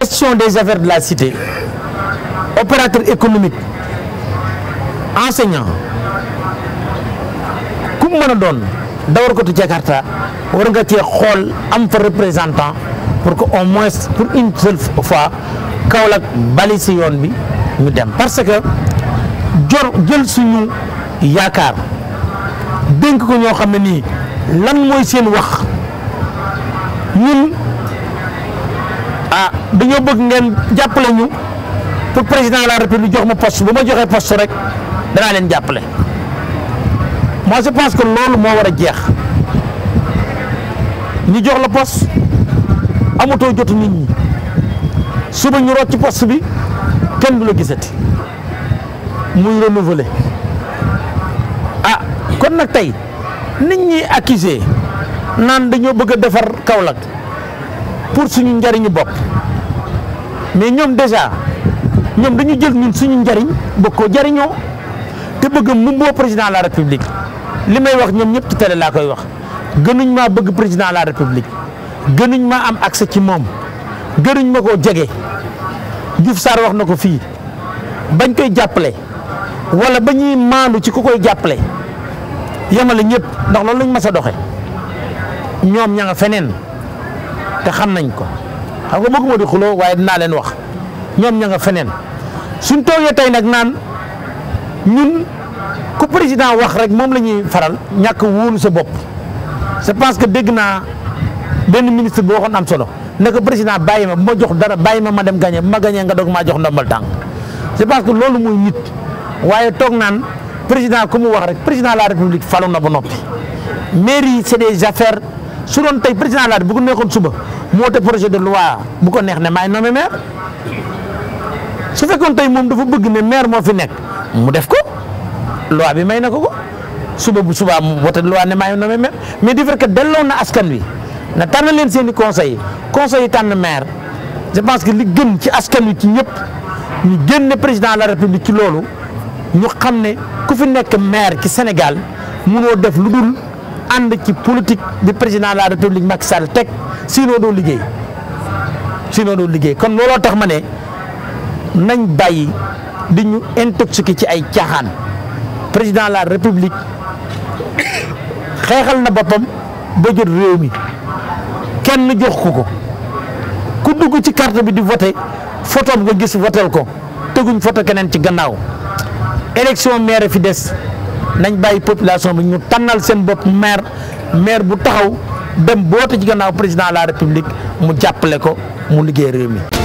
Question des affaires de la cité opérateur économique enseignant Comme on donne, d'abord doon ko Jakarta on nga cee xool am fa représentant pour que au moins pour une seule fois Kaolack a balise yoon bi ñu dem parce que jor le suñu Yakar, dénk ko ñoo xam ne nii lan nous, wax ñun dañoo bëgg ngeen jàppale ñu pour président de la république jox ma poste bu ma joxee poste rek danaa leen jàppale moi je pense que loolu moo war a jeex ñu jox la poste amatoo jotu nit ñi suba ñu rocc post bi kenn du la gisati muy renouveler ah kon nag tey nit ñi accusé naan dañoo bëgg a defar Kaolack pour suñu njariñu bopp mais ñoom déjà ñoom dañu jël ñun suñu njariñ bëgg ko jariñoo te bëgg mu président la république li may wax ñoom ñëpp ci télé laa koy wax gënuñ maa bëgg président de la république gënuñ maa am accès ci moom gënuñ ma koo jege Diouf Sarr wax na ko fii bañ koy jàppale wala ba ñuy maandu ci ku koy jàppale yemale ñëpp ndax loolu lañ mas doxe ñoom ña nga feneen te xam nañ ko Aku nga bëgguma di xuloo waaye dinaa leen wax ñoom ña nga feneen suñ toogee tey nag naan ñun ku président wax rek moom la ñuy faral ñàkk wóolu sa bopp c'est parce que dégg naa benn ministre bu waxoon am solo ne ko président bàyyi ma bu ma jox dara bàyyi ma ma dem gagné bu ma gagné nga dog maa jox ndombal tànk c'est parce que loolu muy nit waaye toog naan président ku mu wax rek président la république falu na ba noppi mairie c'est des affaires su doon président la république bu suba mu projet de loi bu ko neex ne may nommer maire su fekkoon tay mom dafa bëgg ne maire mo fi nekk mu def ko loi bi may nako ko suba bu subaa mu wote loi ne may nommer maire mais di que na askan wi na tànn leen seen conseil conseil tan maire je pense que li gën ci askan wi ci ñëpp ñu gënne président de la république ci lolu ñu xam ku fi nekk maire ci Sénégal mënoo def lu ànd ci politique bi président de la république Macky Sall teg sinon doo liggéey sinon doo liggéey kon looloo tax ma ne nañ bàyyi di ñu intoxiqué ci ay caaxaan président la république xeexal na boppam ba jot réew mi kenn jox ko ko ku dugg ci carte bi di voté photo nga gis votel ko teguñ photo keneen ci gannaaw élection maire fi des nañ bàyyi population bi ñu tànnal seen bopp maire maire bu taxaw dem boote ci gannaaw président de la république mu jàppale ko mu liggéey réew mi.